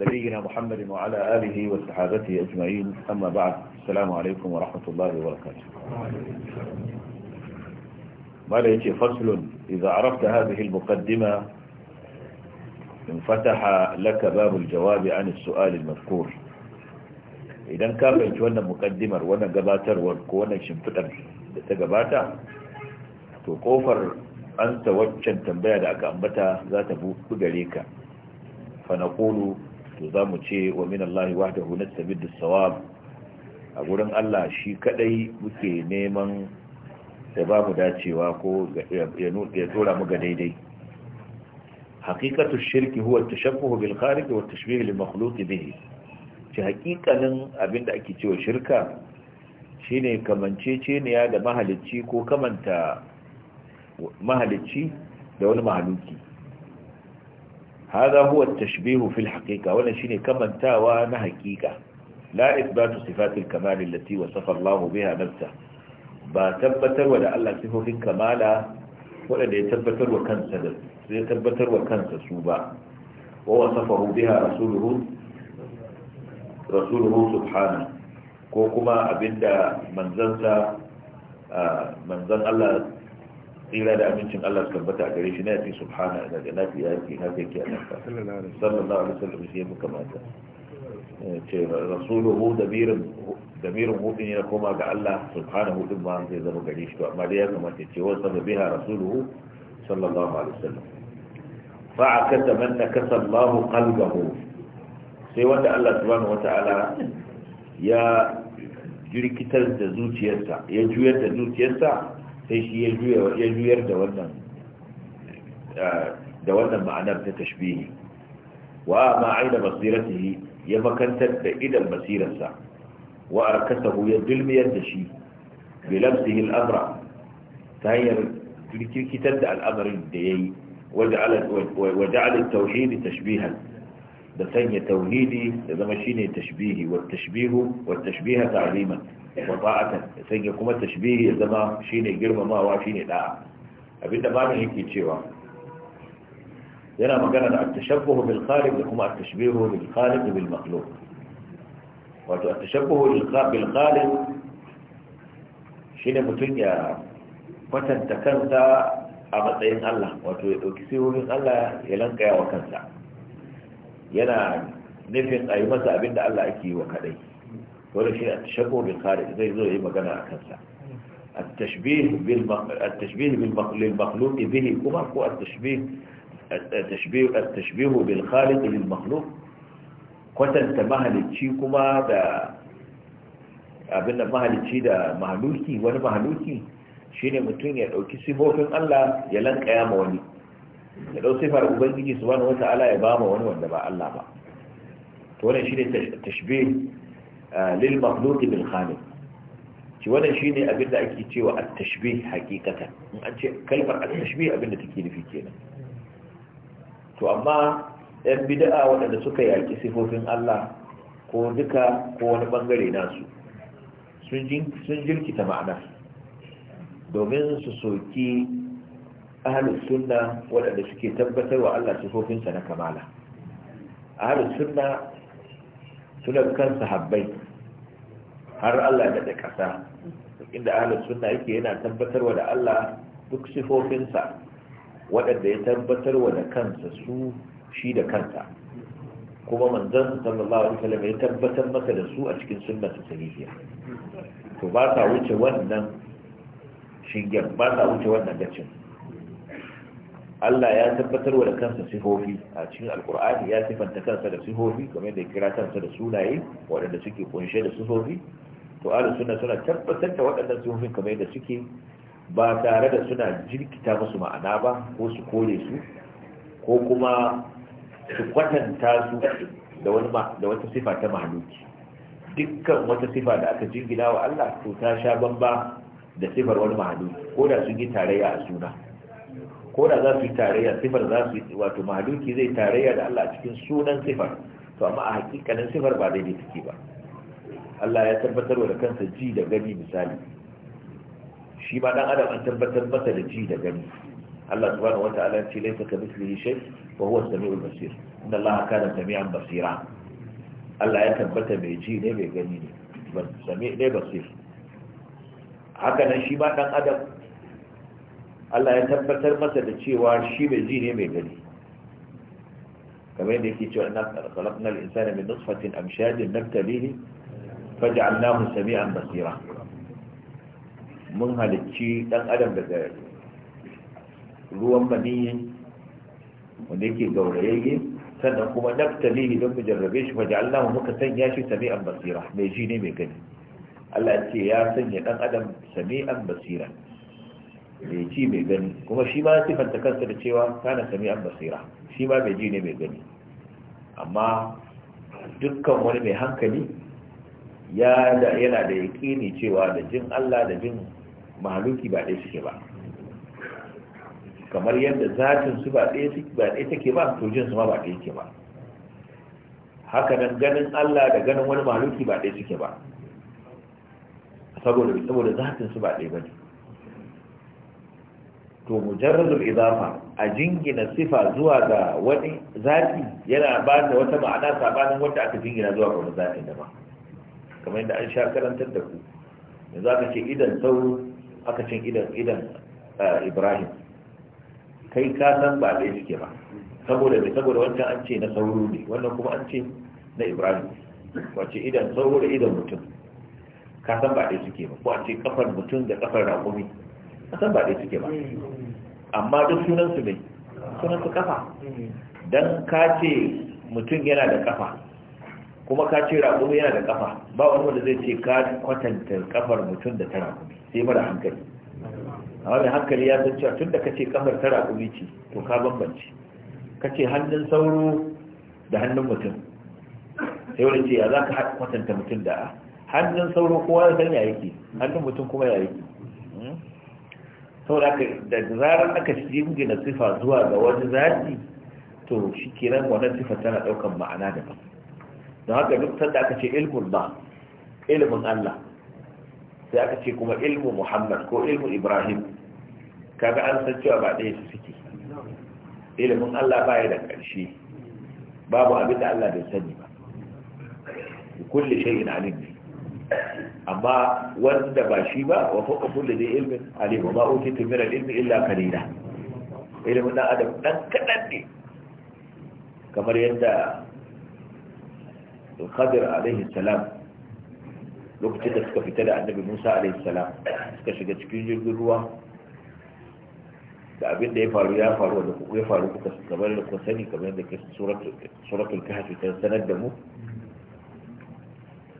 نبينا محمد وعلى آله وصحابته أجمعين أما بعد السلام عليكم ورحمة الله وبركاته ما ليتي فصل إذا عرفت هذه المقدمة انفتح لك باب الجواب عن السؤال المذكور إذا ka fahimci مقدمة وانا wannan وانا ko wannan shimfidar da ta an ta waccan tambaya da aka ambata za ta buku gare ka fa to za mu ce wa min Allah wahdahu nastabidu sawab a gurin Allah shi kadai muke neman da ba mu dacewa ko ya tura mu ga daidai haqiqatu shirki huwa at-tashabbuh bil khaliq wa tashbih lil makhluq bihi ci haqiqanin abinda ake cewa shirka shine kamanceceniya da mahalicci ko kamanta mahalicci da wani mahaluki haza huwa tashbihu fil haqiqa wannan shine kamantawa na haqiqa la isbatu sifatil kamal allati wasafa Allah biha nafsa ba tabbatar da Allah sifofin kamala wanda ya tabbatar wa kansa su ya tabbatar wa kansa ba wa biha rasuluhu rasuluhu ko kuma abinda manzansa manzan Allah tsira da amincin Allah su tabbata a gare shi na yafi subhana ina da nafi ya yake haka yake a nan sallallahu alaihi wasallam shi yafi kamata eh, ce rasuluhu dabirin damirin hudun ya koma ga Allah subhanahu hudun ma zai zama gare shi amma dai ya kamata ce wa biha rasuluhu sallallahu alaihi wasallam fa'akata man nakasa Allah qalbahu sai wanda Allah subhanahu wata'ala ya jirkitar da zuciyarsa ya juyar da zuciyarsa sai shi ya juyar da wannan da wannan ma'anar ta tashbihi wa ma aina basiratihi ya makantar da idan basirarsa wa arkasahu ya dulmiyar da shi bi lamsihi al-amra ta hanyar kirkitar da al'amarin da yayi wa ja'ala tauhid tashbihan da sanya tauhidi da zama shine tashbihi wa tashbihu wa tashbiha ta'liman wa ba'atan ya sanya kuma tashbihi ya zama shine girmamawa shine da'a abinda babin yake cewa yana magana da at-tashabbuhu bil khaliq da kuma at-tashbihu bil khaliq bil makhluq wato at-tashabbuhu bil khaliq shine mutum ya kwatanta kansa a matsayin Allah wato ya dauki sihohin Allah ya lankaya wa kansa yana nufin a yi masa abinda Allah ake yi wa kadai wani shi a bin kare zai zo yi magana a kansa التشبيه للمخلوق به كما هو التشبيه التشبيه التشبيه بالخالق للمخلوق kwatanta mahalicci kuma da abin ابن mahalicci da mahaluki wani mahaluki shine mutum ya dauki sifofin Allah ya lankaya ma wani ya dau sifar ubangiji subhanahu wataala ya ba ma wani wanda ba Allah ba to wannan shine lil makhluq bil khaliq shi wannan shine abin da ake cewa at-tashbih haqiqatan in an ce kalmar at-tashbih abin da take nufi kenan to amma yan bid'a waɗanda suka yaki sifofin Allah ko duka ko wani bangare nasu sun jirkita ma'ana domin su soki ahalus sunna waɗanda suke tabbatar wa Allah sifofinsa na kamala ahalus sunna tun kan sahabbai har Allah da ƙasa inda ahlus sunna yake yana tabbatarwa da Allah duk sifofinsa waɗanda ya tabbatarwa da kansa su shi da kansa kuma manzon sallallahu alaihi wasallam ya tabbatar masa da su a cikin sunna ta to ba ta wuce wannan shigen ba ta wuce wannan gacin Allah ya tabbatar wa da kansa sifofi a cikin alkur'ani ya sifanta kansa da sifofi kamar da kira kansa da sunaye waɗanda suke kunshe da sifofi to ahlus sunna suna tabbatar da waɗannan sifofin kamar da suke ba tare da suna jirkita musu ma'ana ba ko su kore su ko kuma su kwatanta su da wani da wata sifa ta mahaluki dukkan wata sifa da aka jingina wa Allah to ta sha bamba da sifar wani mahaluki ko da sun yi tarayya a suna ko da za su yi tarayya sifar za su yi wato mahaluki zai tarayya da Allah a cikin sunan sifar to amma a hakikanin sifar ba daidai take ba Allah ya tabbatar wa da kansa ji da gani misali shi ma dan adam an tabbatar masa da ji da gani Allah subhanahu wataala ce laysa ka mithlihi shay wa huwa as-sami'ul basir inna Allah kana sami'an basira Allah ya tabbata mai ji ne mai gani ne ban sami ne basir haka nan shi ma dan adam Allah ya tabbatar masa da cewa shi mai ji ne mai gani kamar yadda yake cewa inna khalaqna al-insana min nutfatin amshajin nabtalihi faj'alnahu sami'an basira mun halicci dan adam daga ruwan maniyi wanda yake gaurayayye sannan kuma nabtalihi don mu jarrabe shi faj'alnahu muka sanya shi sami'an basira mai ji ne mai gani Allah ya ce ya sanya dan adam sami'an basira mai ci mai gani kuma shi ma sifanta kansa da cewa kana sami an basira shi ma mai ji ne mai gani amma dukkan wani mai hankali ya da yana da cewa da jin Allah da jin mahaluki ba ɗaya suke ba kamar yadda zatin su ba ɗaya take ba to jin su ma ba ɗaya yake ba haka nan ganin Allah da ganin wani mahaluki ba ɗaya suke ba saboda saboda zatin su ba ɗaya bane to mujarradul idafa a jingina sifa zuwa ga wani zati yana ba da wata ma'ana sabanin wanda aka jingina zuwa ga wani zati da ba kamar yadda an sha karantar da ku yanzu aka ce idan sauro aka ce idan idan eh, ibrahim kai ka san ba ɗaya suke ba saboda mai saboda wancan an ce na sauro ne wannan kuma an ce na ibrahim wace idan sauro da idan mutum ka san ba ɗaya suke ba ko an ce kafar mutum da kafar rakumi Kasan ba ɗaya suke ba amma duk sunansu ne sunansu kafa don ka ce mutum yana da kafa kuma ka ce raƙumi yana da kafa ba wani wanda zai ce ka kwatanta kafar mutum da ta raƙumi sai mara hankali amma mai hankali ya san cewa tun da ka ce kafar ta raƙumi ce to ka bambance ka ce hannun sauro da hannun mutum sai wani ce ya za ka kwatanta mutum da hannun sauro kowa ya san ya yake hannun mutum kuma ya yake hmm? saboda da zarar aka jingina sifa zuwa ga wani zati to shi kenan wannan sifa tana ɗaukan ma'ana da ban don haka duk sanda aka ce ilmun ba ilmun Allah sai aka ce kuma ilmu Muhammad ko ilmu Ibrahim kaga an san cewa ba ɗaya su suke ilmin Allah ba ya da ƙarshe babu abin da Allah bai sani ba kulle shay'in alim amma wanda ba shi ba wa fuka kullu da ilmin alim Ba ma utitu min al-ilmi illa qalila ilmin dan adam dan kadan ne kamar yadda al-khadir alaihi salam lokacin da suka fita da annabi Musa alaihi salam suka shiga cikin jirgin ruwa da abin da ya faru ya faru da ya faru kuka kamar da kuka sani kamar yadda da suratul kahfi ta sanar da mu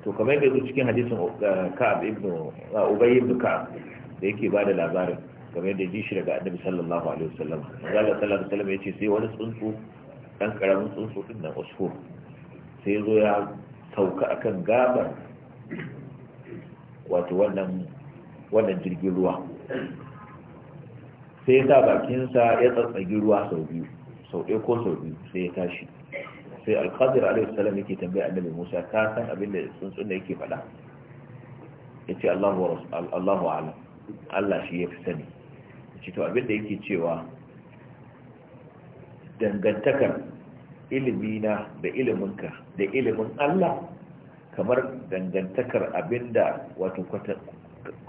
to kamar yadda zo cikin hadisin uh, ka'ab ibn uh, ubay ibn ka'ab da yake bada labarin kamar yadda ji shi daga annabi sallallahu alaihi wasallam Allah sallallahu alaihi wasallam yace sai wani tsuntsu dan karamin tsuntsu din nan usfur sai zo ya sauka akan gabar wato wannan wannan jirgin ruwa sai ya sa bakinsa ya tsatsagi ruwa sau biyu sau ɗaya ko sau biyu sai ya tashi sai alkhadir alaihi salam yake tambaya annabi Musa ka san abin da tsuntsun da yake faɗa yace Allahu wa rasul Allahu a'lam Allah shi fi sani yace to abin da yake cewa dangantakar ilimina da iliminka da ilimin Allah kamar dangantakar abinda wato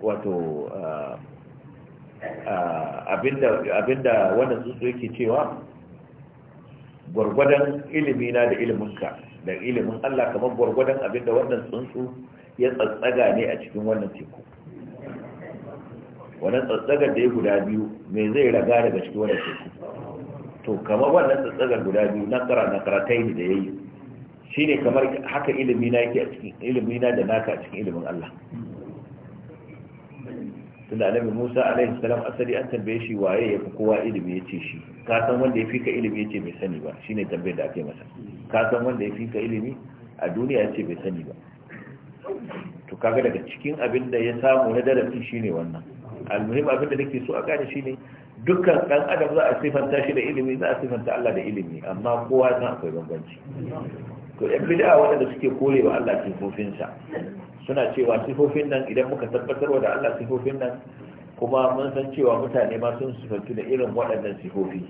wato ah, ah, abinda abinda wannan tsuntsu yake cewa gwargwadon ilimina da iliminka da ilimin Allah kamar gwargwadon abinda wannan tsuntsu ya tsatsaga ne a cikin wannan teku wannan tsatsagar da ya guda biyu me zai raga daga cikin wannan teku to kamar wannan tsatsagar guda biyu na kara na karatai yi, da yayi shine kamar haka yake a cikin ilimina da naka a cikin ilimin Allah tunda annabi Musa alaihi salam asali an tambaye shi waye ya fi kowa ilimi ya ce shi ka san wanda ya fi ka ilimi ya ce bai sani ba shine tambayar da ake masa ka san wanda ya fi ka ilimi a duniya ya ce bai sani ba to kaga daga cikin abin da ya samu na darasi shine wannan almuhim abin da nake so a gane shine dukkan dan adam za a sifanta shi da ilimi za a sifanta Allah da ilimi amma kowa san akwai bambanci to yan bid'a wanda suke korewa Allah cikin kofinsa suna cewa sifofin nan idan muka tabbatar da Allah sifofin nan kuma mun san cewa mutane ma sun sifantu da irin waɗannan sifofi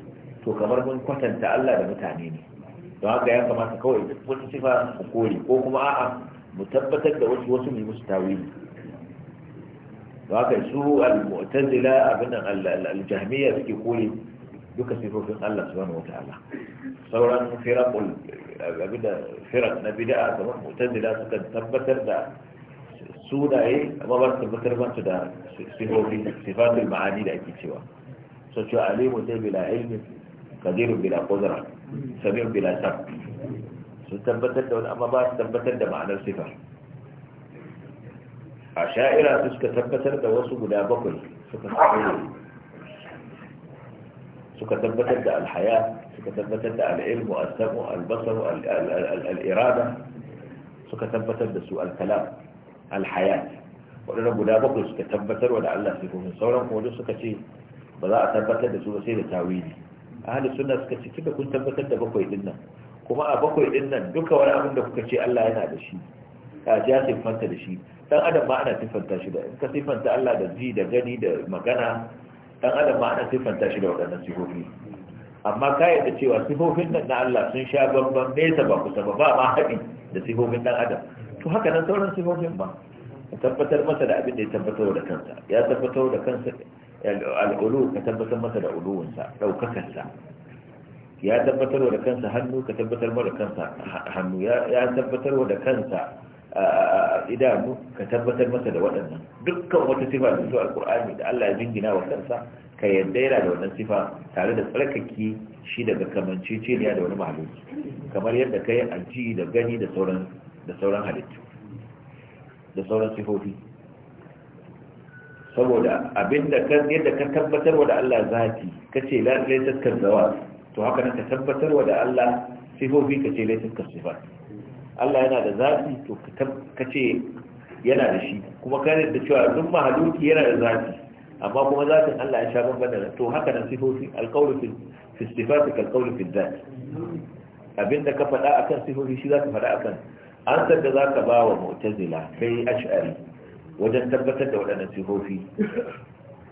to kamar mun kwatanta Allah da mutane ne don haka ya kamata kawai wata sifa mu kore ko kuma a'a mu tabbatar da wasu wasu mu musu tawili don haka su al-mu'tazila abin al-jahmiyya suke kore duka sifofin Allah subhanahu wataala sauran firaqul abin firaq na bid'a kamar mu'tazila suka tabbatar da سودا اي مبر تبتربا سودا سيهوبي سفات المعاني لا اكي سوا سوشو عليم وتي بلا علم قدير بلا قدرة سميع بلا سب سوتنبتن دون اما با تنبتن دا معنى السفا عشائرة تسك تنبتن دا وصو بدا بقل سوك الحياة سوك تنبتن العلم والسمع والبصر الإرادة سوك تنبتن دا سوء الكلام alhayat waɗanda guda bakwai suka tabbatar da Allah sifofin sauran kuma duk suka ce ba za a tabbatar da su ba sai da tawili ahli sunna suka ce kika kun tabbatar da bakwai din nan kuma a bakwai din nan duka wani abin da kuka ce Allah yana da shi ka ji ya siffanta da shi dan adam ma ana siffanta shi da in ka siffanta Allah da ji da gani da magana dan adam ma ana siffanta shi da waɗannan sifofi amma ka yadda cewa sifofin nan na Allah sun sha bamban nesa ba kusa ba ba ma haɗi da sifofin dan adam to haka nan sauran sifofin ba ka tabbatar masa da abin da ya tabbatar da kansa ya tabbatar da kansa al'ulu ka tabbatar masa da uluwunsa ɗaukakansa ya tabbatar da kansa hannu ka tabbatar da kansa hannu ya tabbatar da kansa idanu ka tabbatar masa da waɗannan dukkan wata sifa da zuwa alƙur'ani da Allah ya jingina wa kansa ka yadda yana da wannan sifa tare da tsarkake shi daga ciniya da wani mahalicci. kamar yadda ka yi aji da gani da sauran da sauran halittu da sauran sifofi saboda abinda ka yadda ka wa da Allah zati ce la ilaha illa to haka ne ka wa da Allah sifofi ka ce la ilaha illa Allah yana da zati to ka ce yana da shi kuma kare da cewa duk mahaluki yana da zati amma kuma zatin Allah ya sha bamban da to haka nan sifofi alqawlu fi fi sifati kalqawlu fi dhat abinda ka faɗa akan sifofi shi zaka faɗa akan an da za ka ba wa mu'tazila kai ash'ari wajen tabbatar da waɗannan sihofi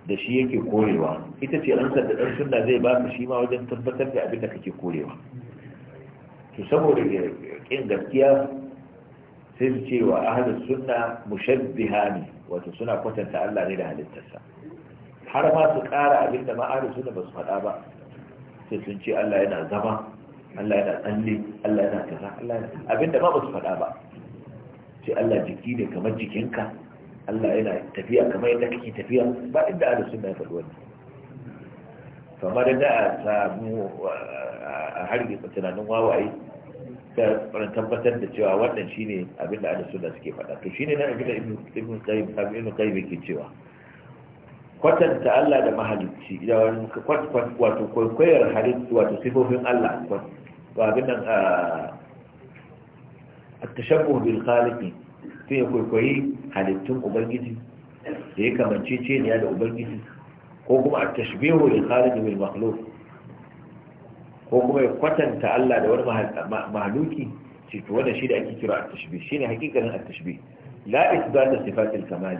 da shi yake korewa ita ce an da ɗan sunna zai ba ka shi ma wajen tabbatar da abin da kake korewa to saboda kin gaskiya sai su ce wa suna sunna mushabbihani wato suna kwatanta Allah ne da halittarsa har ma su ƙara abin da ma ba su faɗa ba sai sun ce Allah yana zama Allah yana tsalle Allah yana kaza Allah abinda ba su faɗa ba sai Allah jiki ne kamar jikinka Allah yana tafiya kamar yadda kake tafiya ba inda ahlus sunna ya faɗi wannan kamar da a samu a hargitsa tunanin wawaye ta tabbatar da cewa wannan shine abin da ahlus sunna suke faɗa to shine nan abin da ibn qayyim ibn qayyim yake cewa kwatanta Allah da mahalicci da wani kwatkwat wato kwaikwayar halittu wato sifofin Allah abin nan a tashabbuh bil khaliqi sai ya kwaikwayi halittun ubangiji da ya kamance ce ne da ubangiji ko kuma a tashbihu bil khaliqi bil makhluq ko kuma ya kwatanta Allah da wani mahaluki ce to wannan shi da ake kira at-tashbih shine hakikanin at-tashbih la isbat sifatil kamal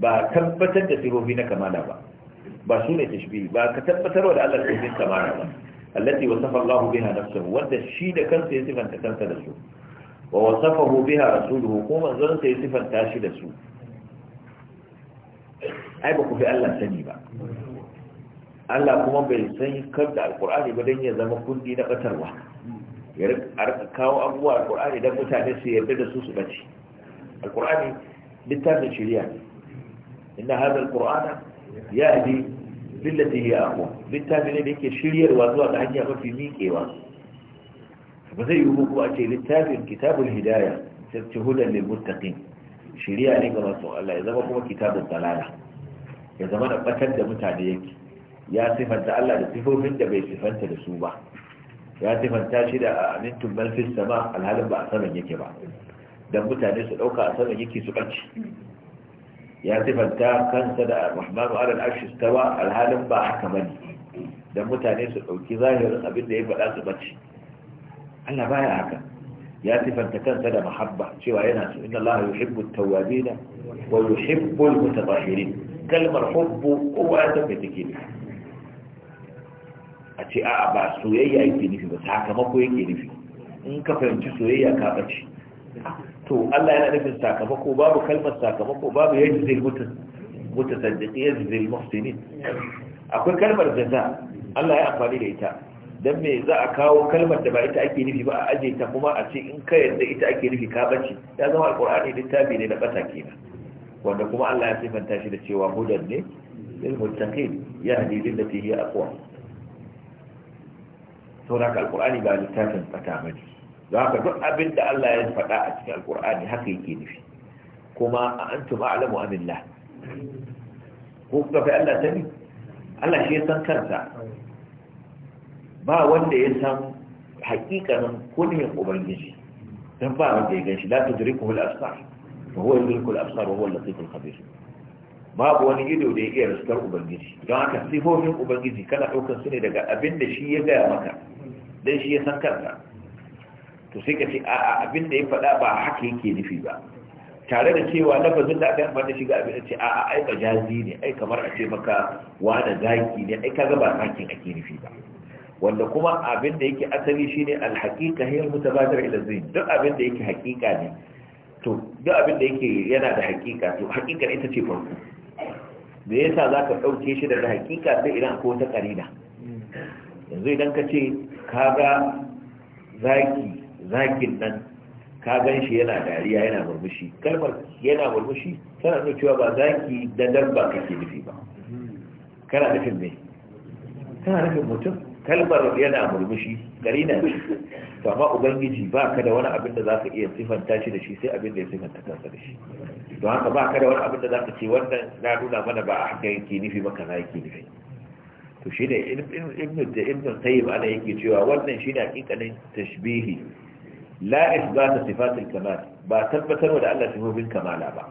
ba tabbatar da sifofi na kamala ba ba su ne tashbih ba ka tabbatar da Allah sifofin kamala ba allati shi da kansa ya sifanta kansa da su wa wasafahu biha kuma bai san kar da alkur'ani ba ya zama kundi na batarwa kawo abubuwa alkur'ani don mutane su yarda da su su bace alkur'ani littafin shirya ne inna hadha alqur'ana yahdi lillati ya aqwa littafi ne da yake shiryarwa zuwa ga hanya mafi miƙewa ba zai yi ko a ce littafin kitabul hidaya sai hudan lil muttaqin shiriya ne ga masu Allah ya zama kuma kitabul dalala ya zama da batar da mutane yake ya sifanta Allah da sifofin da bai sifanta da su ba ya sifanta shi da amintun ah, malfis sama alhalin ba a saman yake ba dan mutane su dauka a saman yake su ɓace ya sifanta kansa da rahmanu alal arshi istawa alhalin ba haka bane dan mutane su dauki zahirin abin da ya faɗa su bace Allah baya haka ya sifanta kansa da mahabba cewa yana so inna Allah yuhibbu at-tawwabin wa yuhibbu al-mutatahhirin kalmar hubbu kowa ya tafi take ne a ce a'a ba soyayya yake nufi ba sakamako yake nufi in ka fahimci soyayya ka bace to Allah yana nufin sakamako babu kalmar sakamako babu yajzil mutasaddiqi yajzil ne? akwai kalmar za Allah ya amfani da ita Don me za a kawo kalmar da ba ita ake nufi ba a aje ta kuma a ce in ka yadda ita ake nufi ka bace ya zama alqur'ani littafi ne na bata kenan wanda kuma Allah ya sifanta shi da cewa hudan ne lil muttaqin yahdi lillati hiya aqwa to raka alqur'ani ba littafin fata bane za ka duk abin da Allah ya faɗa a cikin alƙur'ani haka yake nufi kuma a an tuma alamu amillah ko kuka fi Allah sani Allah shi ya san kansa ba wanda ya san hakikanin kunyin ubangiji don ba wanda ya ganshi la tudriku al absar wa huwa yudriku al absar wa huwa al khabir babu wani ido da ya iya riskar ubangiji don haka sifofin ubangiji kana ɗaukar su ne daga abin da shi ya gaya maka dan shi ya san kansa to sai ka ce a abin da ya faɗa ba haka yake nufi ba tare da cewa lafazin da aka yi amfani da shi ga abin da ce a a ai majazi ne ai kamar a ce maka da zaki ne ai kaga ba zakin ake nufi ba wanda kuma abin da yake asali shine alhaqiqa hiya almutabadir ila zayn duk abin da yake haqiqa ne to duk abin da yake yana da haqiqa to haqiqar ita ce farko me yasa zaka dauke shi daga haqiqa sai idan akwai wata karina yanzu idan ka ce kaga zaki zakin nan ka gan shi yana dariya yana murmushi kalmar yana murmushi tana nuna cewa ba zaki da dabba kake nufi ba kana nufin me kana nufin mutum kalmar yana murmushi gari na ce to amma ubangiji ba ka da wani abin da za ka iya sifanta shi da shi sai abin da ya sifanta kansa da shi don haka ba ka da wani abin da za ka ce wannan na nuna mana ba a haka yake nufi maka za yake nufi to shi ne ibn da ibn tayyib ala yake cewa wannan shi ne hakikanin tashbihi la isbata sifatul kamal ba tabbatar da Allah sifofin kamala ba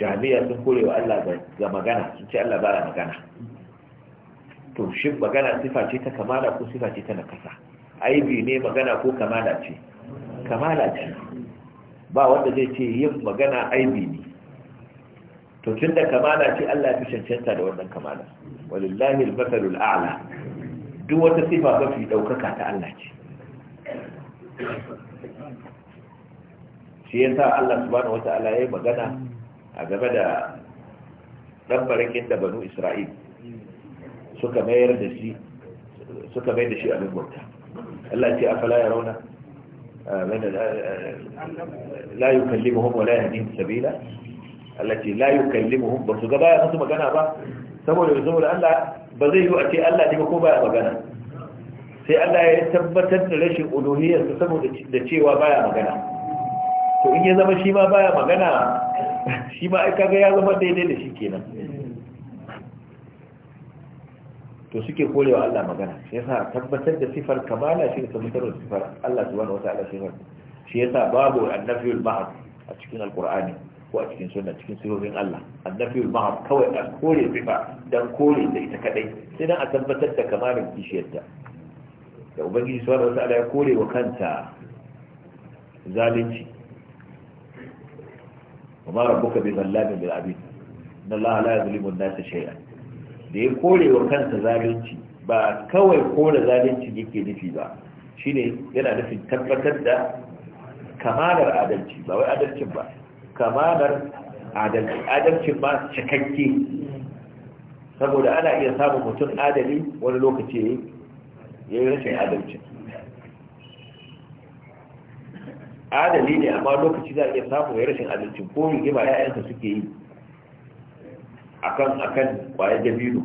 jami'a sun kore Allah ga magana sun ce Allah baya magana to shin magana sifa ce ta kamala ko sifa ce ta nakasa aibi ne magana ko kamala ce kamala ce ba wanda zai ce yin magana aibi ne to tun da kamala ce Allah fi cancanta da wannan kamala walillahi al-masalul a'la duk wata sifa mafi ɗaukaka ta Allah ce shi yasa Allah subhanahu wata'ala ya magana a game da dan barakin da banu Isra'il suka mayar da shi suka mayar da shi abin bauta Allah ce afala ya rauna la yukallimuhum wa la yahdihim sabila Allah ce la yukallimuhum ba su gaba ya musu magana ba saboda saboda Allah ba zai yi a ce Allah ne ko ba ya magana sai Allah ya tabbatar da rashin uluhiyarsa saboda da cewa baya magana to in ya zama shi ma baya magana shi ma ai kaga ya zama daidai da shi kenan to suke korewa Allah magana shi yasa tabbatar da sifar kamala shi ne tabbatar da sifar Allah subhanahu wataala sifar shi yasa babu annabiyul ba'd a cikin alqur'ani ko a cikin sunna cikin sirrin Allah annabiyul ba'd kawai a kore sifa dan kore da ita kadai sai dan a tabbatar da kamalin kishiyarta da ubangiji suwa da wasu ala ya kore wa kanta zalunci kuma rabbuka bi zallamin bil abid inna allaha la yuzlimu an-nasa shay'a da ya kore wa kanta zalunci ba kawai kore zalunci yake nufi ba shine yana nufin tabbatar da kamalar adalci ba wai adalcin ba kamalar adalci adalcin ba cikakke saboda ana iya samun mutum adali wani lokaci ya yi rashin adalci adali ne amma lokaci za a iya samun ya rashin adalci ko rigima ya'yansa suke yi akan akan kwaye dabino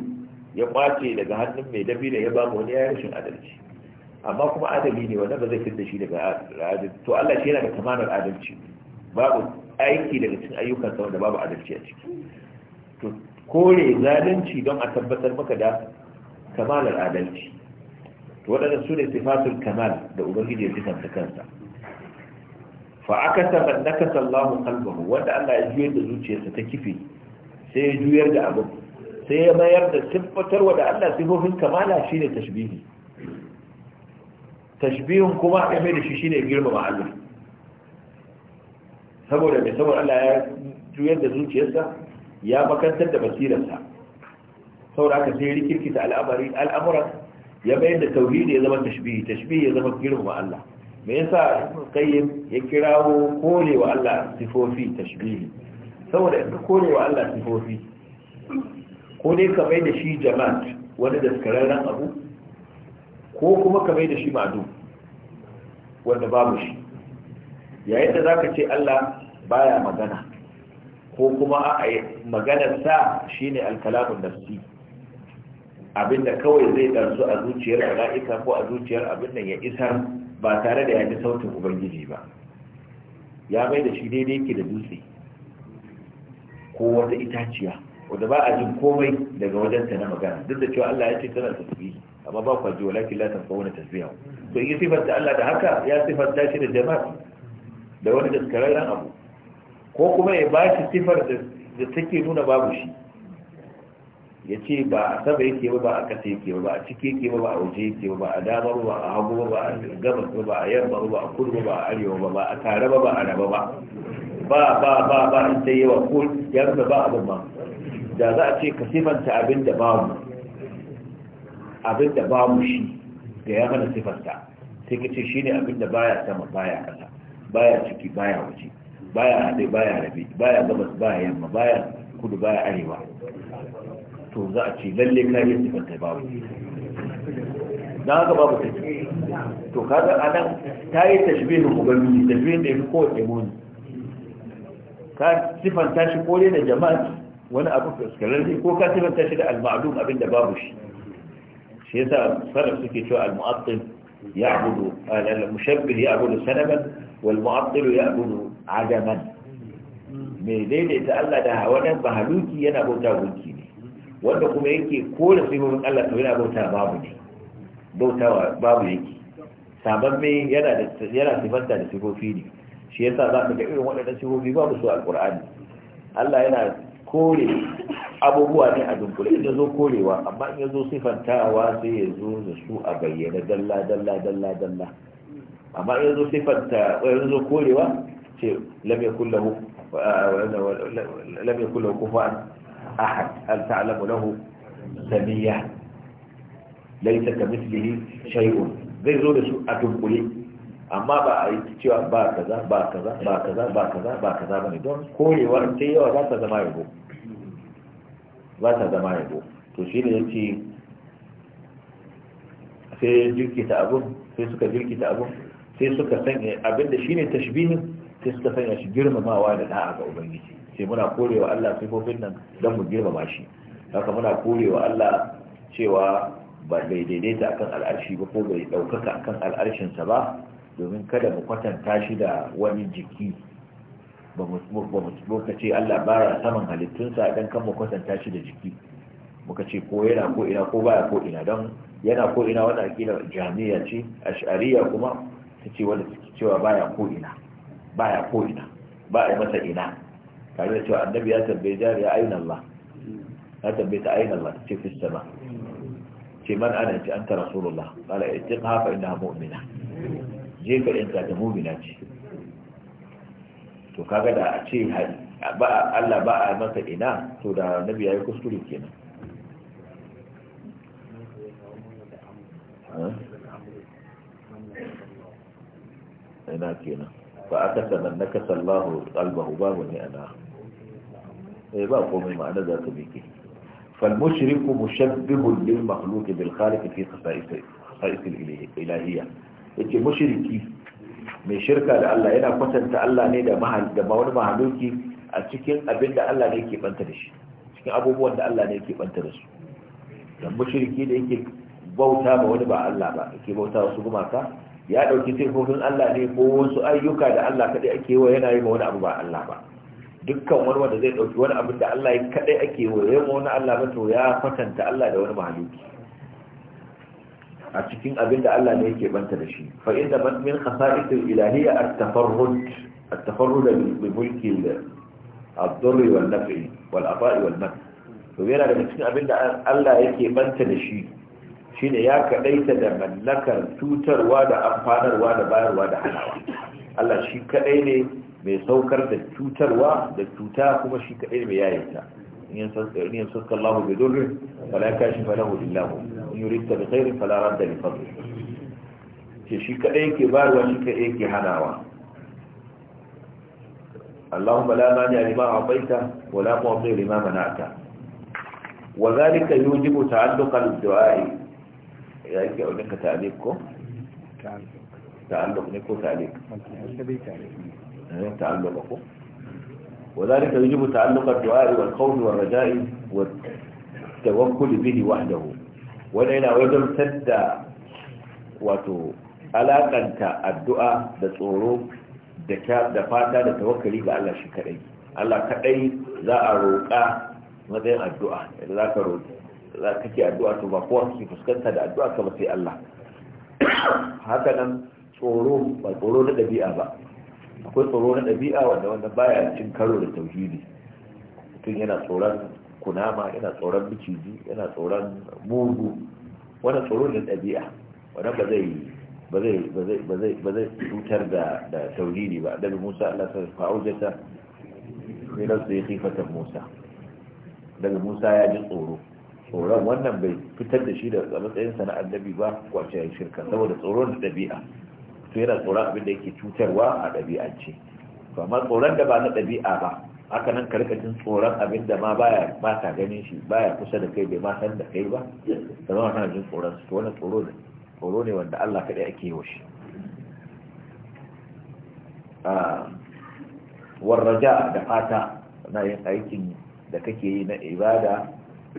ya kwace daga hannun mai dabino ya ba mu wani ya yi rashin adalci amma kuma adali ne wanda ba zai fi da shi daga adalci to Allah shi yana da kamanar adalci babu aiki daga cikin ayyukan wanda babu adalci a ciki to kore zalunci don a tabbatar maka da kamalar adalci to waɗannan su ne sifatul kamal da ubangiji ya sifanta kansa fa aka akasa man nakasa Allah qalbahu wanda Allah ya juyar da zuciyarsa ta kife sai ya juyar da abin sai ya mayar da tabbatarwa da Allah sifofin kamala shine tashbihi tashbihin kuma ya mai da shi shine girmama Allah saboda mai saboda Allah ya juyar da zuciyarsa ya makantar da basirarsa saboda aka sai rikirkita al'amari al'amuran ya bayar da tauhidi ya zama tashbihi tashbihi ya zama girma Allah me yasa qayyim ya kirawo wa Allah sifofi tashbihi saboda in wa Allah sifofi ko dai ka bai da shi jamaat wani daskararren abu ko kuma ka bai da shi ma'adu wanda babu shi yayin da zaka ce Allah baya magana ko kuma a maganarsa shine alkalamun nafsi abinda kawai zai ɗansu a zuciyar mala'ika ko a zuciyar abin da ya isar ba tare da ya ji sautin ubangiji ba ya mai da shi daidai yake da dutse ko wata itaciya wadda ba a jin komai daga wajenta na magana duk da cewa Allah ya ce tana tasbihi amma ba kwa ji walakin la wani tasbihu to in sifanta Allah da haka ya sifanta shi da jama'a da wani daskararren abu ko kuma ya ba shi sifar da take nuna babu shi ya ce ba a saba yake ba ba a kasa yake ba a cike yake ba a waje yake ba a damar ba a hagu ba a gabas ba a yamma ba a kudu ba a arewa ba ba a tare ba ba a raba ba ba ba ba ba in yi wa ko ya rufe ba abin ba da za a ce ka sifanta abin da babu abin da shi da ya hana sifasta sai ka ce shi ne abin da baya sama baya kasa baya ciki baya waje baya haɗe baya rabe baya gabas baya yamma baya kudu baya arewa to za a ce lalle ka yi sifar ta babu don haka babu ta to kaga a nan ta yi tashbihin ubangiji tashbihin da ya fi kowace muni ka sifanta shi ko da jama'a wani abu fuskararri ko ka sifanta shi da al-ma'lum abin da babu shi shi yasa salaf suke cewa al-mu'attil ya'budu al-mushabbih ya'budu sanaman wal mu'attil ya'budu adaman mai daidaita Allah da hawanan ba haluki yana bauta gunki wanda kuma yake kore sifofin Allah to yana bauta babu ne bautawa babu yake saban mai yana da yana sifanta da sifofi ne shi yasa za ka ga irin waɗannan sifofi babu su alqur'ani Allah yana kore abubuwa ne a dunkule in zo korewa amma in yazo sifantawa sai ya zo da su a bayyana dalla dalla dalla dalla amma in yazo sifanta yazo korewa ce lam yakul lahu lam yakul lahu kufuwan أحد هل تعلم له سمية ليس كمثله شيء زي زول سوء أتنقلي أما بقى يتشوى باكذا باكذا باكذا باكذا باكذا كذا با كذا با كذا بني دون كل ورد تيوى ذات زما يبو ذات زما يبو تشير يتي sai jirkita abun sai suka jirkita abun sai suka sanya abinda shine tashbihin sai suka sanya shi girmamawa da da'a ga ubangiji sai muna korewa Allah sifofin nan don mu girmama shi haka muna korewa Allah cewa ba bai daidaita akan al'arshi ba ko bai ɗaukaka akan al'arshinsa ba domin kada mu kwatanta shi da wani jiki ba mu ce Allah baya saman halittunsa don kan mu kwatanta shi da jiki muka ce ko yana ko ina ko baya ko ina don yana ko ina wani akila jami'a ce ash'ariya kuma ta ce wanda suke cewa baya ko ina baya ko ina ba a yi masa ina tare cewa annabi ya tambaye jariya aina Allah ya tambaye ta aina Allah ce fi sama ce man ana ce an anta rasulullah qala hafa inda hamu mu'mina je ka yanka ta mu'mina ce to kaga da a ce Allah ba a masa ina to da annabi ya yi kuskure kenan ina kenan fa aka sanannaka sallahu albahu babu ne a ana eh ba komai ma'ana za ta miƙe فالمشرك مشبه للمخلوق بالخالق في خصائص خصائص الإلهية yake mushriki mai shirka da Allah yana kwatanta Allah ne da mahal da wani mahaluki a cikin abin da Allah ne yake banta da shi cikin abubuwan da Allah ne yake banta da su da mushriki da yake bauta ma wani ba Allah ba yake bauta wasu gumaka ya dauki sifofin Allah ne ko wasu ayyuka da Allah kadai ake wa yana yi ma wani abu ba Allah ba dukkan wani wanda zai dauki wani abin da Allah ya kadai ake waye mu wani Allah ba to ya kwatanta Allah da wani mahaluki a cikin abin da Allah ne yake banta da shi fa inda man min khasa'isil ilahiyya at-tafarrud at-tafarrud bi mulki ad-darr wal naf'i wal afa'i wal man to yana daga cikin abin da Allah yake banta da shi shine ya kadaita da mallakar tutarwa da amfanarwa da bayarwa da halawa Allah shi kadai ne mai saukar da cutarwa da cuta kuma shi kaɗai mai yayata in yin sassan lahu bai zurri fala ka shi fala hudun lahu in yi rikta da sairin fala radda ne fadu ce shi kaɗai ke bayarwa shi kaɗai ke hanawa Allahumma la mani alima a baita ko la zai alima mana ta wa zalika yujibu ta'alluqal du'a'i ya yake wannan ka ta'alluq ko ta'alluq ne ko ta'alluq ta'alluq ne ko ta'alluq تعلق أخوه وذلك يجب تعلق الدعاء والخوف والرجاء والتوكل به وحده ولينا ويجب سد وتو alakanta addu'a da tsoro da fata da tawakkali ga Allah shi kadai Allah kadai za a roƙa matsayin addu'a idan za ka roƙi za ka ke addu'a to ba ke da addu'a ba sai Allah haka nan tsoro ba tsoro na ɗabi'a ba akwai tsoro na ɗabi'a wanda wanda baya cin karo da tauhidi mutum yana tsoron kunama yana tsoron biciji yana tsoron mugu wani tsoro ne ɗabi'a wanda ba zai ba zai cutar da tauhidi ba daga Musa Allah sai fa aujata min as-sayyi Musa daga Musa ya ji tsoro tsoron wannan bai fitar da shi da matsayinsa na annabi ba kwace shirka saboda tsoron da ɗabi'a to yana tsoron abin da yake cutarwa a ɗabi'ance kamar tsoron da ba na ɗabi'a ba haka nan ka rika tsoron abin da ma baya ba ta ganin shi baya kusa da kai bai ma san da kai ba da zama kana jin tsoron su to wani tsoro ne tsoro ne wanda Allah kaɗai ake yi wa shi ah, warraja da fata na yin aikin da kake yi na ibada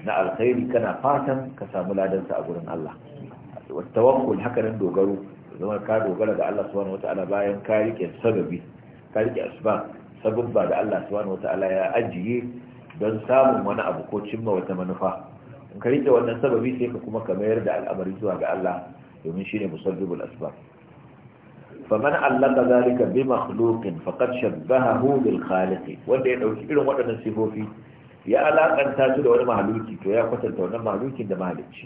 na alkhairi kana fatan ka samu ladansa a gurin Allah wata tawakkul haka nan dogaro zama ka dogara ga Allah subhanahu wata'ala bayan ka rike sababi ka rike asbab sababba da Allah subhanahu wata'ala ya ajiye don samun wani abu ko cimma wata manufa in ka rike wannan sababi sai ka kuma ka mayar da al'amari zuwa ga Allah domin shine musabbibul asbab فمن علق ذلك بمخلوق فقد شبهه بالخالق wanda ya dauki irin waɗannan sifofi ya alakanta su da wani mahaluki to ya kwatanta wannan mahalukin da mahalicci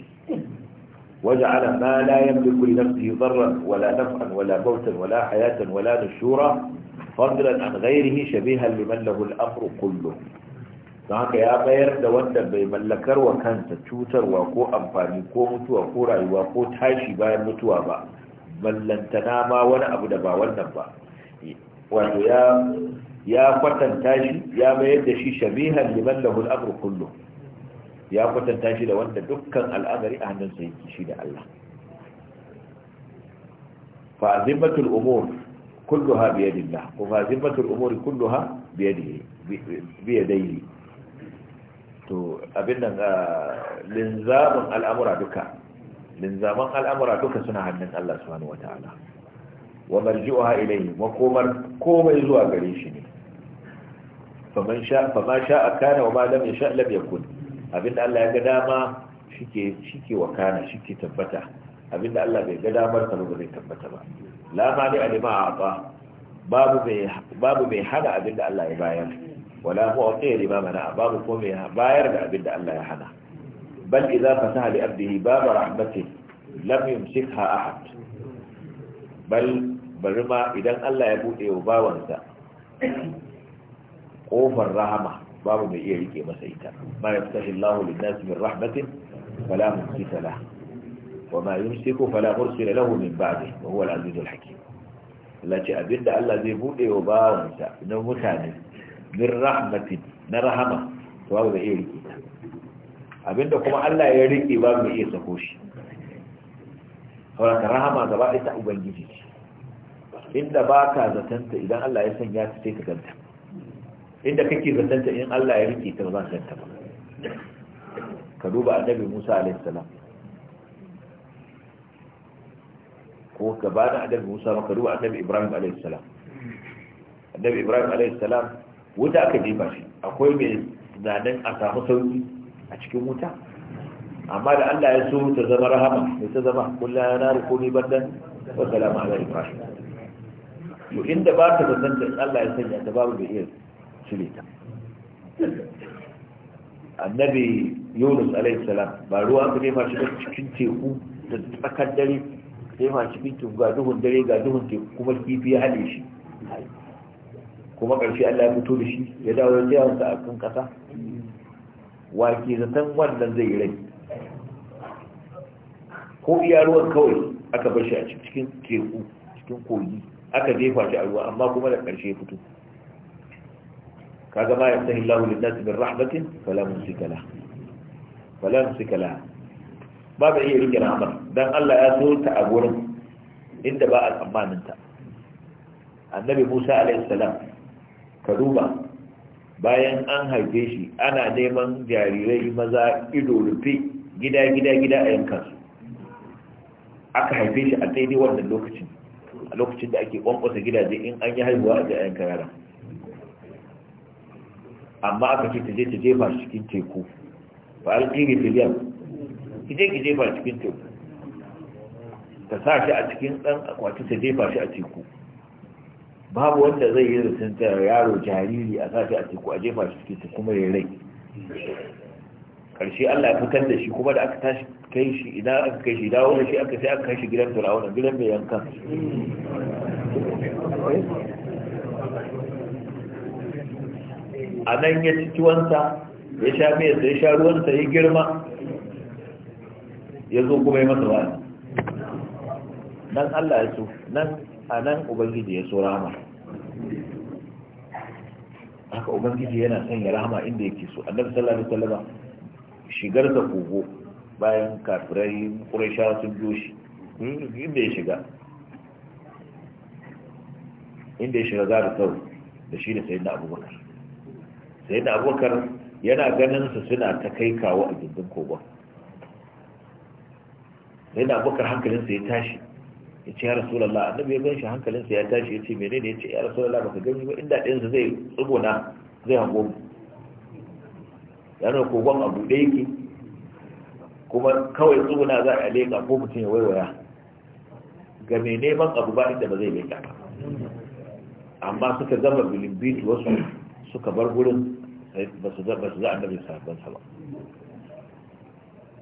وجعل ما لا يملك لنفسه ضرا ولا نفعا ولا موتا ولا حياة ولا نشورا فضلا عن غيره شبيها لمن له الأمر كله haka ya bayar da wanda bai mallakar wa kanta cutarwa ko amfani ko mutuwa ko rayuwa ko tashi bayan mutuwa ba ballantana ma wani abu da ba wannan ba wato ya kwatanta shi ya mayar da shi shabihan liman lahul kullum ya kwatanta shi da wanda dukkan al'amari a hannunsa yake shi da Allah fa zimmatul umur kulluha bi yadillah ko fa zimmatul umur kullu ha yadihi bi to abin nan ah, linzamin al'amura duka linzaman al'amura duka suna hannun Allah wa Ta'ala. wa marji'uha ha wa makomar komai zuwa gare shi ne faman sha fama sha akana wa ma lam yasha lam yakun abinda Allah ya ga dama shike shike wakana shike tabbata abinda Allah bai ga damar sa ba zai tabbata ba la ma ni alima aba babu bai babu bai hana abinda Allah ya bayar wala mu'ti lima mana babu ko mai bayar da abinda Allah ya hana bal idza fataha li abdihi baba rahmatin lam yumsikha ahad bal bari ma idan Allah ya bude wa bawansa kofar rahama babu mai iya rike masa ita ma yaftahi Allahu lin-nasi min rahmatin fala mumsika lahu wa ma yumsiku fala mursila lahu min ba'dihi wa huwa al-azizul hakim lati abinda Allah zai buɗe wa bawansa na mutane min rahmatin na rahama to babu mai iya rike ta abinda kuma Allah ya rike babu mai iya sako shi saboda rahama gaba ɗaya ta ubangiji ce inda ba ka zatanta idan Allah ya sanya ta sai ka ganta inda kake zantanta in Allah ya rike ta ba zan ta ba ka duba annabi Musa alaihi salam ko da annabi Musa ka duba annabi Ibrahim alaihi salam annabi Ibrahim alaihi salam wuta aka jefa shi akwai mai zanen a samu sauki a cikin wuta amma da Allah ya so ta zama rahama ne ta zama kullana na ni bandan wa salama ala Ibrahim to inda ba ta zantanta Allah ya sanya ta babu da iya cire ta annabi yunus alaihi salam ba ruwa aka nema shi cikin teku da tsakar dare nema cikin teku ga duhun dare ga duhun teku kuma kifi ya hade shi kuma ƙarshe Allah ya fito da shi ya dawo ya tsaya a kan ƙasa ke zaton wannan zai rai ko iya ruwan kawai aka bar shi a cikin teku cikin kogi aka jefa shi a ruwa amma kuma da ƙarshe ya fito kaga ma yastahi Allahu lin-nasi min rahmatin fala mumsika lah fala mumsika lah ba ka iya rike na'amar. dan Allah ya so ta a gurin inda ba a tsammanin ta annabi Musa alaihi salam ka duba bayan an haife shi ana neman jarirai maza ido rufe gida gida gida a yankan su aka haife shi a daidai wannan lokacin a lokacin da ake kwankwasa gidaje in an yi haihuwa a ga yankan yaran amma aka ce ta je ta jefa shi cikin teku ba alƙiri fil yam ki je ki jefa cikin teku ta sa shi a cikin ɗan akwati ta jefa shi a teku babu wanda zai yi risinta yaro jariri a sa shi a teku a jefa shi cikin teku kuma ya rai karshe Allah ya fitar da shi kuma da aka tashi kai shi idan aka kai shi dawo da shi aka sai aka kai shi gidan turawa gidan mai yankan a nan ya ci tuwansa ya sha mai ya sha ruwansa ya girma ya zo kuma ya masa wani nan Allah ya so nan a nan ubangiji ya so rama haka ubangiji yana son ya rama inda yake so annabi sallallahu da wasallam shigar da kogo bayan kafirai quraisha sun biyo shi inda ya shiga inda ya shiga garu sau da shi da da abubakar sai da abokar yana ganin su suna ta kai kawo a gindin kogon sai da abokar hankalinsa ya tashi ya ce ya rasulallah annabi ya gan shi hankalinsa ya tashi ya ce menene ya ce ya rasulallah baka gani ba inda ɗinsa zai tsuguna zai hango mu yana kogon a buɗe yake kuma kawai tsuguna za a leƙa ko mutum ya waiwaya ga mai neman abu ba inda ba zai leƙa ba amma suka zama bilimbiti wasu suka bar gurin Eh, ba su za annabi sahabbansa ba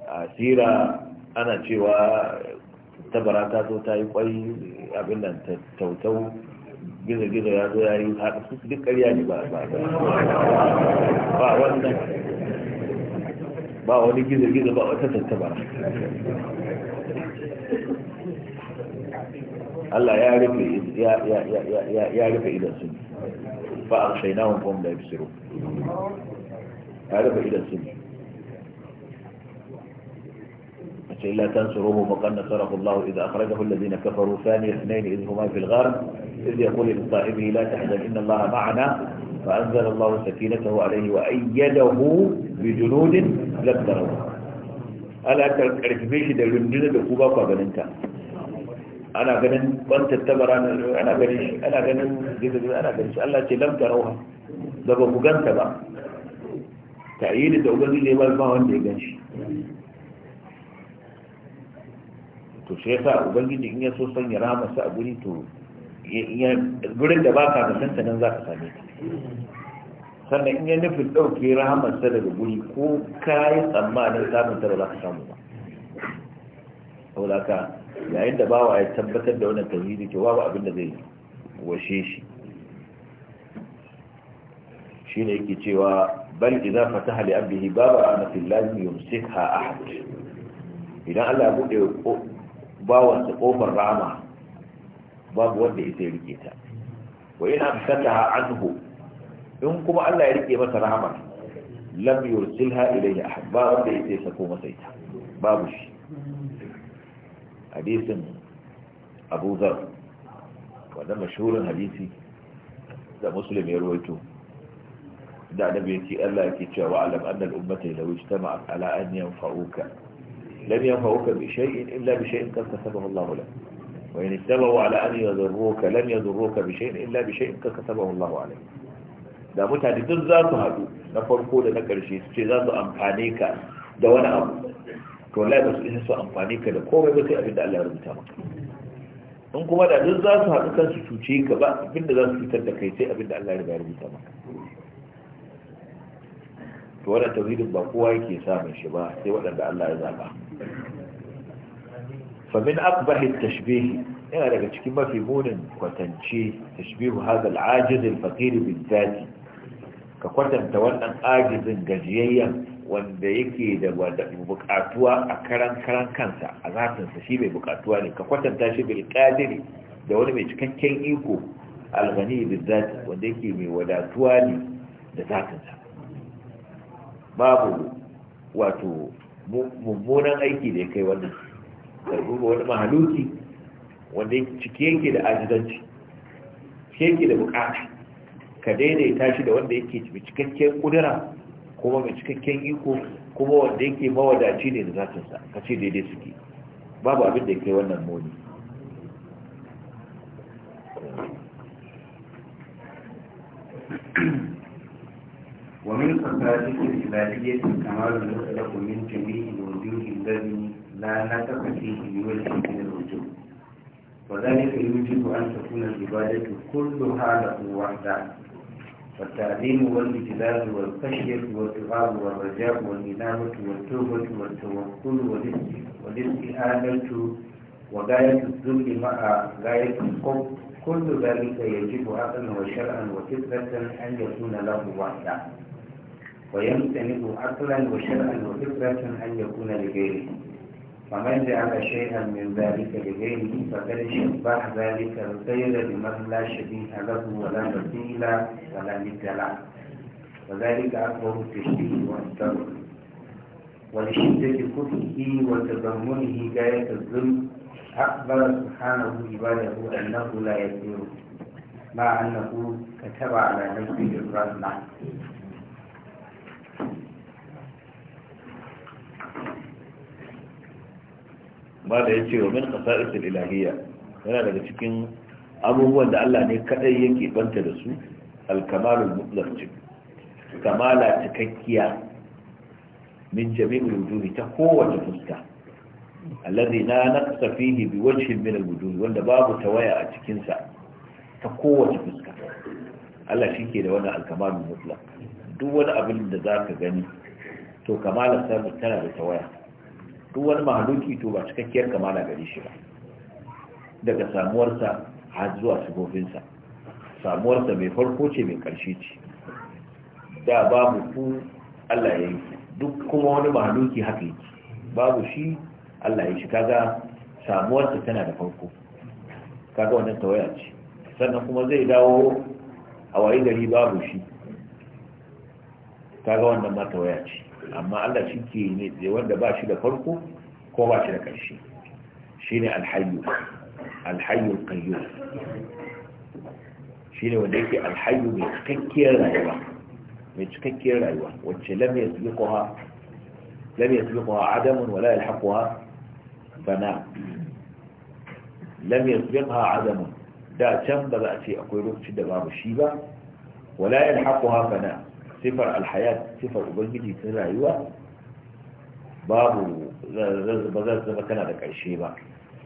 a sira ana cewa tabara ta zo ta yi kwai abin da ta tautau gizo-gizo ya zo ya yi haɗa su duk ƙarya ne ba ba wannan ba wani gizo-gizo ba wata tattabara Allah ya rufe ya rufe idan su ba a shainahun kuma da ya fi ya إلى السنة sun أشياء لا تنصروه فقد نصره الله إذا أخرجه الذين كفروا ثاني اثنين إذ هما في الغار إذ يقول لصاحبه لا تحزن إن الله معنا فأنزل الله سكينته عليه وأيده بجنود لم تروها ألا تركبيش دا جنود ده كوبا فبننتا أنا غنن وانت تتبر أنا غنش أنا غنن أنا غنش ألا لم تروها ده بمغنت بقى ni da ubangiji ba ba wanda ya ganshi to shi yasa ubangiji in ya so sanya su a guri to gurin da baka ka san ta nan za ka same ta sannan in ya nufin ɗauke sa daga guri ko ka yi tsammanin samun ta ba za ka samu ba saboda ka yayin da bawa ya tabbatar da wannan tauhidi to ba abin da zai washe shi shine yake cewa bal idza fataha li abdihi baba rahmatin lam yumsikha ahad idan Allah ya bude bawan sa kofar rama babu wanda yake rike ta wa in amsakaha anhu in kuma Allah ya rike masa rahama lam yursilha ilayhi ahad ba wanda yake sako masa ita babu shi hadisin Abu Dharr wannan mashhurin hadisi da Muslim ya ruwaito da annabi ya ce Allah yake cewa wa'alam annal ummata law ijtama'a ala an yanfa'uka lam yanfa'uka bi shay'in illa bi shay'in qad kasabahu Allah lak wa in ijtama'u ala an yadhurruka lam yadhurruka bi shay'in illa bi shay'in qad kasabahu Allah alayk da mutane duk za su haɗu na farko da na ƙarshe su ce za su amfane ka da wani abu to lai ba su isa su amfane ka da komai ba sai abin da Allah ya rubuta maka in kuma da duk za su haɗu kan su cuce ka ba abin da za su fitar da kai sai abin da Allah ya rubuta maka to wannan tauhidin ba kowa yake samun shi ba sai waɗanda Allah ya zaba famin min tashbihi yana daga cikin mafi munin kwatance tashbihu hadha al fakiri al zati ka kwatanta wannan ajizin gajiyayyen wanda yake da bukatuwa a karan karan kansa a zatinsa shi mai bukatuwa ne ka kwatanta shi bil qadiri da wani mai cikakken iko al-ghani zati wanda yake mai wadatuwa ne da zatinsa babu wato mummunan aiki da ya kai wannan karbi wani mahaluki wanda cike yake da ajizanci cike yake da bukata ka daidaita shi da wanda yake cikakken kudura kuma mai cikakken iko kuma wanda yake mawadaci ne da zatinsa ka ce daidai suke babu abin da ke wannan muni Thank you. ومن خصائص العبادية كمال المطلق من جميع الوجوه الذي لا نقص فيه بوجه من الوجوه وذلك يوجب أن تكون العبادة كلها له وحده والتعليم والإجلال والخشية والرغاب والرجاء والإنابة والتوبة والتوكل والاستئانة وغاية الذل مع غاية القبض كل ذلك يجب عقلا وشرعا وفطرة أن يكون له وحده ويمتنه عقلا وشرعا وفكرة أن يكون لغيره فمن جعل شيئا من ذلك لغيره فقد شبه ذلك الخير بمن لا شبيه له ولا مثيل ولا مثل له وذلك أكبر التشبيه والتضر ولشدة كفره وتضمنه غاية الظلم أخبر سبحانه عباده أنه لا يسير مع أنه كتب على نفسه الرحمة ba da yace wa min qasa'isil ilahiyya yana daga cikin abubuwan da Allah ne kadai yake banta da su al-kamalul mutlaq kamala cikakkiya min jami'ul wujuhi ta kowace fuska alladhi la naqsa fihi biwajhin min al-wujuh wanda babu tawaya a cikin sa ta kowace fuska Allah shi ke da wannan alkamalin mutlaq duk wani abin da zaka gani to kamalar sa tana da tawaya duk wani mahaluki to ba cikakkiyar kamala gari shi ba daga samuwarsa har zuwa sigofinsa samuwarsa mai farko ce mai karshe ce da babu ku Allah ya yi duk kuma wani mahaluki haka yake babu shi Allah ya shi kaga samuwarsa tana da farko kaga wannan tawaya ce sannan kuma zai dawo a wayi gari babu shi kaga wannan ma tawaya ce amma Allah shi ke ne wanda ba shi da farko ko ba shi da ƙarshe shi ne alhayu alhayu kayu shi ne wanda yake alhayu mai cikakkiyar rayuwa mai cikakkiyar rayuwa wacce lam yasbiquha lam kowa adamun wala yalhaquha fana lam yasbiquha adamun da can ba za a ce akwai lokacin da babu shi ba wala yalhaquha bana. sifar alhayat sifar ubangiji sun rayuwa babu ba za zama tana da ƙarshe ba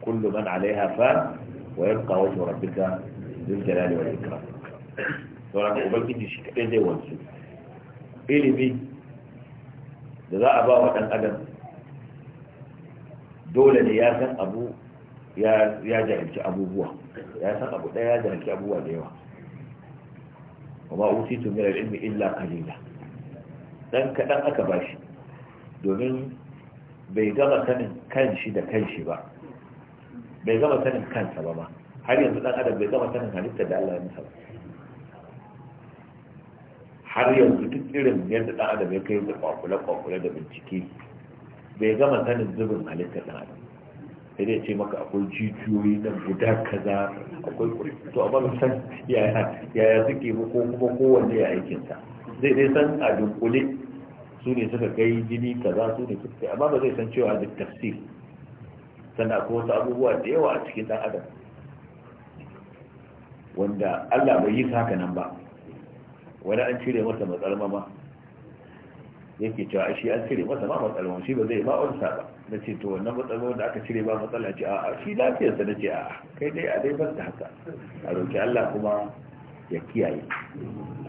kullum man alaiha fa wa yabqa wajhu rabbika dhul jalali wal ikram ran ubangiji shi kadai zai wanzu ilimi da za a ba wa ɗan adam dole ne ya san abu ya jahilci abubuwa ya san abu daya ya jahilci abubuwa da yawa kuma utitu min al-ilmi illa qalila dan kadan aka bashi domin bai gama sanin kanshi da kanshi ba bai gama sanin kansa ba ma har yanzu dan adam bai gama sanin halittar da Allah ya masa ba har yanzu duk irin yadda dan adam ya kai da kwakule kwakule da bincike bai gama sanin zubin halittar dan adam sai dai ce maka akwai jijiyoyi na guda kaza akwai to amma ba san yaya yaya suke ba ko kuma kowanne ya aikin sa zai dai san a dunkule su ne suka kai jini kaza su ne suka amma ba zai san cewa a tafsir sannan akwai wasu abubuwa da yawa a cikin dan adam wanda Allah bai yi haka nan ba wani an cire masa matsalma ma yake cewa shi an cire masa ba matsala wani shi ba zai ba wani ba na ce to wannan matsala wanda aka cire ba matsala ce a shi lafiyarsa na ce a kai dai a dai banta haka a roƙi Allah kuma ya kiyaye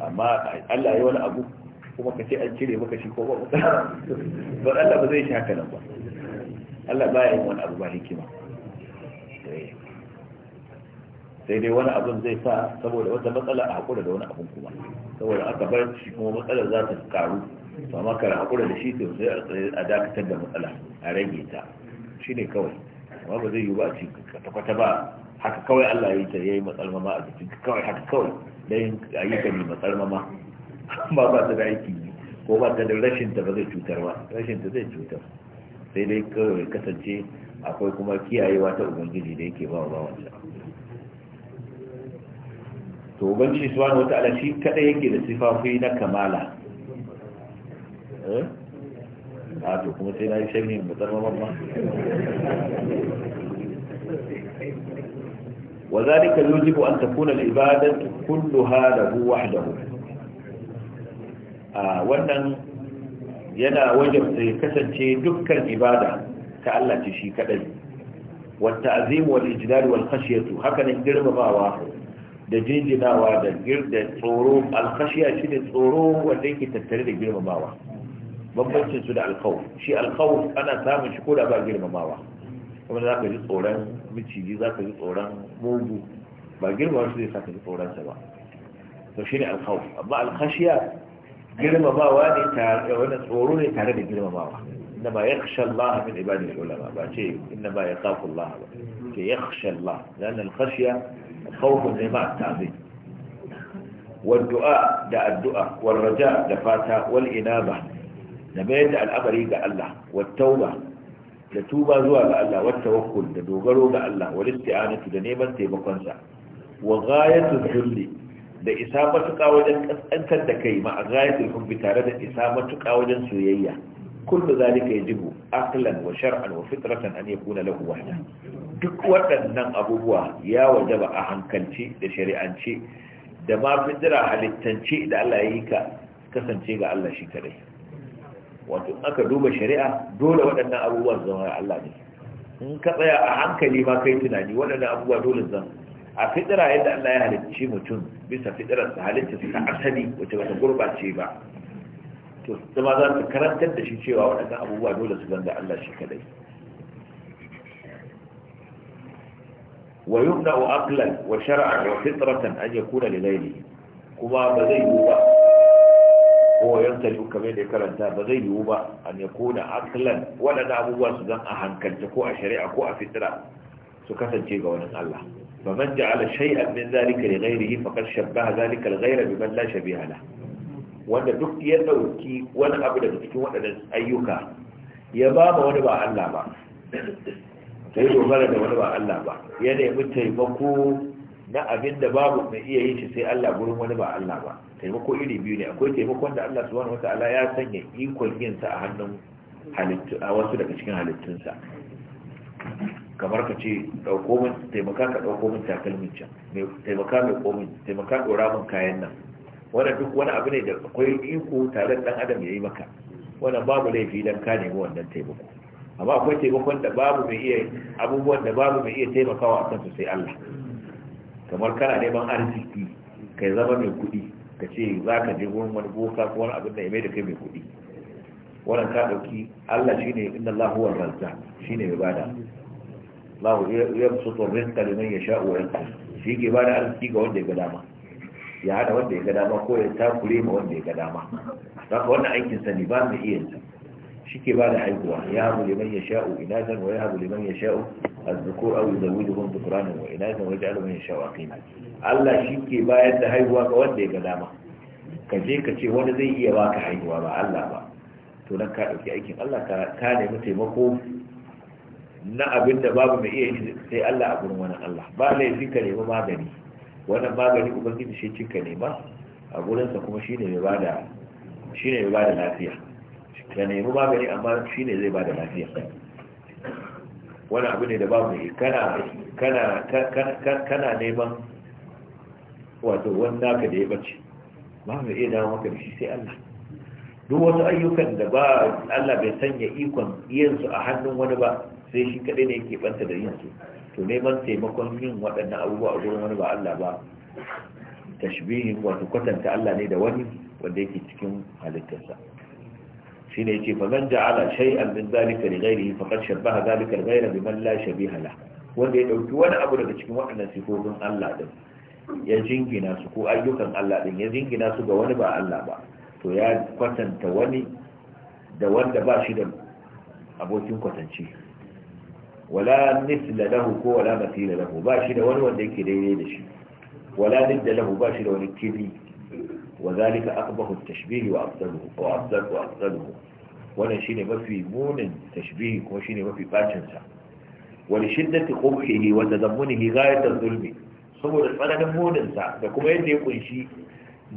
amma Allah ya yi wani abu kuma ka ce an cire maka shi ko ba matsala ba Allah ba zai shi haka nan ba Allah ba ya yi wani abu ba hikima eh. sai dai wani abin zai sa saboda wata matsala a haƙura da wani abin kuma saboda aka bar shi kuma matsalar za ta karu ba ma ka hakura da shi to sai a dakatar da matsala a rage ta shi ne kawai amma ba zai yi ba a ci kwata ba haka kawai Allah ya yi ta yayi matsalmama a cikin kawai haka kawai dan ayyuka ne matsalmama ba ba ta da aiki ko ba ta da rashin ta ba zai cutar ba rashin ta zai cutar sai dai kawai kasance akwai kuma kiyayewa ta ubangiji da yake ba wa bawansa to ubangiji subhanahu wataala shi kada yake da sifafi na kamala Eh? a ah, to kuma sai na yi sharhin mutarraman ma وذلك يجب أن تكون العبادة كلها له وحده wannan yana wajen sai kasance dukkan ibada ta Allah ce shi kadai wata azim wal ijdal wal khashiyatu haka ne girmamawa da jinjinawa da girda tsoro al khashiya shi ne tsoro wanda yake tattare da girmamawa bambancin su da alkawar shi alkawar ana samun shi koda ko da ba kuma za ka ji tsoron miciji za ka ji tsoron mugu ba girma su zai sa ka ji sa ba to shi ne alkawar amma alkashiya girmamawa ne tare wani tsoro ne tare da girmamawa inda ba ya kashe Allah min ibadin ulama ba ce inda ba ya yaqafu Allah ba ke ya kashe Allah dan alkhashiya khawfun ne ba ta zai والدعاء ده الدعاء والرجاء ده فاتا والإنابة da bayar da al'amari ga Allah wattauba da tuba zuwa ga Allah wattawakkul da dogaro ga Allah wal isti'anatu da neman taimakon sa wa ghayatu dhulli da isa matuƙa wajen kaskantar da kai ma ghayatul hubbi tare da isa matuƙa wajen soyayya kullu zalika yajibu aqlan wa shar'an wa fitratan an yakuna lahu wahda duk waɗannan abubuwa ya wajaba a hankalci da shari'anci da ma fitira halittance da Allah ya yi ka kasance ga Allah shi kadai wato aka duba shari'a dole waɗannan abubuwan zama Allah ne in ka tsaya a hankali ma kai tunani waɗannan abubuwa dole zan a fitira yadda Allah ya halicci mutum bisa fitirar sa halitta ta asali wacce bata gurbace ba to zama za su karantar da shi cewa waɗannan abubuwa dole su ganga Allah shi kadai wa yumna aqlan wa shar'an wa fitratan an yakuna li ghayrihi kuma ba zai yi ba ko yan tari kamar da ya karanta ba zai yiwu ba an ya kona aklan waɗanda abubuwa su zan a hankalta ko a shari'a ko a fitira su kasance ga wani Allah fa man ja'ala shay'an min zalika li ghayrihi faqad shabbaha zalika da ghayra biman la shabiha la wanda duk ya dauki wani abu daga cikin waɗannan ayyuka ya ba ma wani ba Allah ba sai dogara da wani ba Allah ba ya nemi taimako na abin da babu mai iya yin shi sai Allah gurin wani ba Allah ba taimako iri biyu ne akwai taimakon da Allah subhanahu ta'ala ya sanya ikon yin sa a hannun halittu a wasu daga cikin halittunsa kamar ka ce dauko min taimaka ka dauko min takalmin can taimaka mai komin taimaka dora min kayan nan wanda duk wani abu ne da akwai iko tare dan adam yayi maka wannan babu laifi dan ka nemi wannan taimako amma akwai taimakon da babu mai iya abubuwan da babu mai iya taimakawa a kansu sai Allah kamar kana neman arziki kai zama mai kuɗi ka ce za ka je wurin wani boka ko wani abin da ya mai da kai mai kuɗi wannan ka dauki Allah shine inna Allah huwa razzaq shine mai bada Allah ya fusutu rizqa liman sha wa yaqdir shi ke bada arziki ga wanda ya ga dama ya hada wanda ya ga dama ko ya takure ma wanda ya ga dama ka wannan aikin sa ne ba mu iya yanzu. shike ba da haihuwa ya habu liman ya sha'u inazan wa ya habu liman ya sha'u azzukur aw yuzawijuhum dhukranan wa inazan wa ya sha'u yasha'u aqima Allah shi ke bayar da haihuwa ga wanda ya ga dama ka je ka ce wani zai iya baka haihuwa ba Allah ba to nan ka dauki aikin Allah ka ka nemi taimako na abin da babu mai iya yi sai Allah a gurin wani Allah ba laifin ka nemi magani wannan magani ubangiji shi cinka nema a gurinsa kuma shine mai bada shine mai bada lafiya ya nemi magani amma shi ne zai ba da lafiya wani abu ne da babu ne kana neman wato wani naka da ya bace ba mu iya dawo maka da shi sai Allah duk wasu ayyukan da ba Allah bai sanya ikon yinsu a hannun wani ba sai shi kaɗai ne yake banta da yinsu, to neman taimakon yin waɗannan abubuwa a gurin wani ba Allah ba tashbihin wato kwatanta Allah ne da wani wanda yake cikin halittarsa shine ce fa man ja'ala shay'an min zalika li ghayrihi faqad shabbaha zalika al-ghayra biman la shabiha la wanda ya dauki wani abu daga cikin waɗannan sifofin Allah din ya jingina su ko ayyukan Allah din ya jingina su ga wani ba Allah ba to ya kwatanta wani da wanda ba shi da abokin kwatanci wala misla lahu ko wala mathila lahu ba shi da wani wanda yake daidai da shi wala nidda lahu ba shi da wani kiri وذلك أقبح التشبيه وأفضله وأفضل وأفضله wannan shine mafi munin tashbihi kuma shine mafi bacin sa wa li shiddati qubhihi wa tadammunihi ghayat zulmi saboda tsananin munin ta da kuma yadda ya kunshi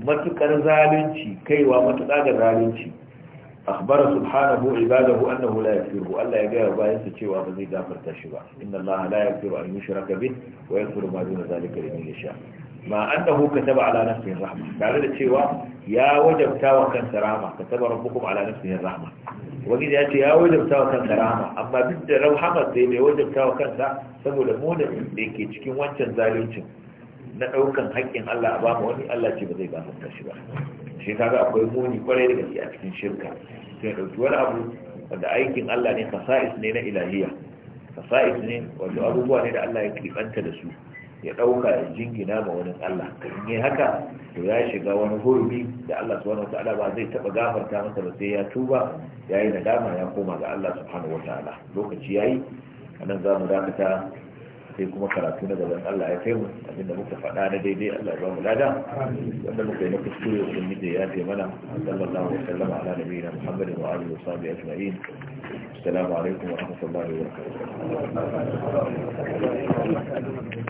matukar zalunci kaiwa matuƙa da zalunci akhbara subhanahu ibadahu annahu la yaghfiru Allah ya gaya bayan sa cewa ba zai gafarta shi ba inna Allah la yaghfiru an yushraka bih wa yaghfiru zalika da zalika liman sha. ma annahu kataba ala nafsihi rahma tare da cewa ya wajabta wa kansa rahma kataba rabbukum ala nafsihi rahma wani ya ce ya wajabta wa kansa rahma amma duk da rahama sai bai wajabta wa kansa saboda munin da yake cikin wancan zaluncin na daukan haƙƙin Allah a bamu wani Allah ce ba zai ba mu shi ba shi kaga akwai muni kwarai da gaske a cikin shirka sai dauki wani abu wanda aikin Allah ne fasa'is ne na ilahiyya fasa'is ne wato abubuwa ne da Allah ya kibanta da su ya ɗauka ya jingina ga wani Allah in yi haka to ya shiga wani hurumi da Allah subhanahu wataala ba zai taɓa gafarta masa ba sai ya tuba ya yi nadama ya koma ga Allah subhanahu ta'ala lokaci ya yi a nan za mu dakata sai kuma karatu na gaban Allah ya kai mu abinda muka faɗa na daidai Allah ya ba mu lada wanda muka yi na kuskure sun yi ya ce mana sallallahu alaihi wasallam ala nabiyina Muhammadin wa alihi wa sahbihi ajma'in assalamu alaikum wa rahmatullahi wa